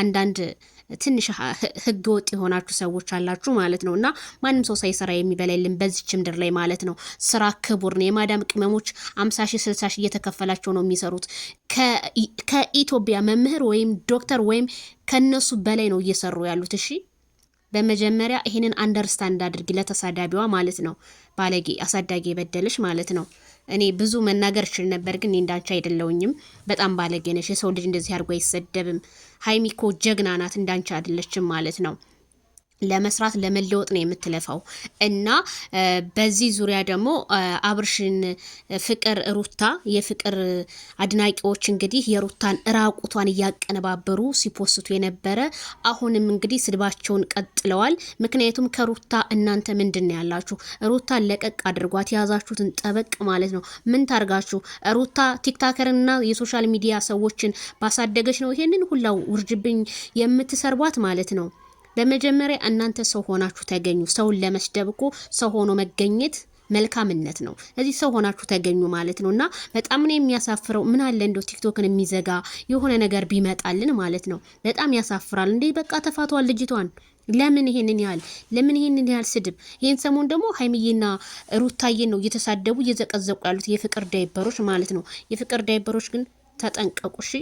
አንዳንድ ትንሽ ህገ ወጥ የሆናችሁ ሰዎች አላችሁ ማለት ነው። እና ማንም ሰው ሳይሰራ የሚበላይልን በዚች ምድር ላይ ማለት ነው። ስራ ክቡር ነው። የማዳም ቅመሞች አምሳ ሺ ስልሳ ሺ እየተከፈላቸው ነው የሚሰሩት። ከኢትዮጵያ መምህር ወይም ዶክተር ወይም ከነሱ በላይ ነው እየሰሩ ያሉት። እሺ በመጀመሪያ ይህንን አንደርስታንድ አድርጊ፣ ለተሳዳቢዋ ማለት ነው። ባለጌ አሳዳጊ የበደለሽ ማለት ነው። እኔ ብዙ መናገር እችል ነበር፣ ግን እንዳንቺ አይደለውኝም። በጣም ባለጌ ነሽ። የሰው ልጅ እንደዚህ አድርጎ አይሰደብም። ሀይሚኮ ጀግና ናት፣ እንዳንቺ አይደለችም ማለት ነው። ለመስራት ለመለወጥ ነው የምትለፋው እና በዚህ ዙሪያ ደግሞ አብርሽን ፍቅር ሩታ የፍቅር አድናቂዎች እንግዲህ የሩታን እራቁቷን እያቀነባበሩ ሲፖስቱ የነበረ አሁንም እንግዲህ ስድባቸውን ቀጥለዋል። ምክንያቱም ከሩታ እናንተ ምንድን ነው ያላችሁ? ሩታን ለቀቅ አድርጓት፣ የያዛችሁትን ጠበቅ ማለት ነው። ምን ታርጋችሁ? ሩታ ቲክታከርና የሶሻል ሚዲያ ሰዎችን ባሳደገች ነው ይሄንን ሁላው ውርጅብኝ የምትሰርቧት ማለት ነው። በመጀመሪያ እናንተ ሰው ሆናችሁ ተገኙ። ሰውን ለመስደብ እኮ ሰው ሆኖ መገኘት መልካምነት ነው። እዚህ ሰው ሆናችሁ ተገኙ ማለት ነው። እና በጣም ነው የሚያሳፍረው። ምን አለ እንደው ቲክቶክን የሚዘጋ የሆነ ነገር ቢመጣልን ማለት ነው። በጣም ያሳፍራል። እንዴ በቃ ተፋቷል ልጅቷን ለምን ይሄንን ያህል ለምን ይሄንን ያህል ስድብ? ይህን ሰሞን ደግሞ ሀይምዬና ሩታዬን ነው እየተሳደቡ እየዘቀዘቁ ያሉት የፍቅር ዳይበሮች ማለት ነው። የፍቅር ዳይበሮች ግን ተጠንቀቁ እሺ።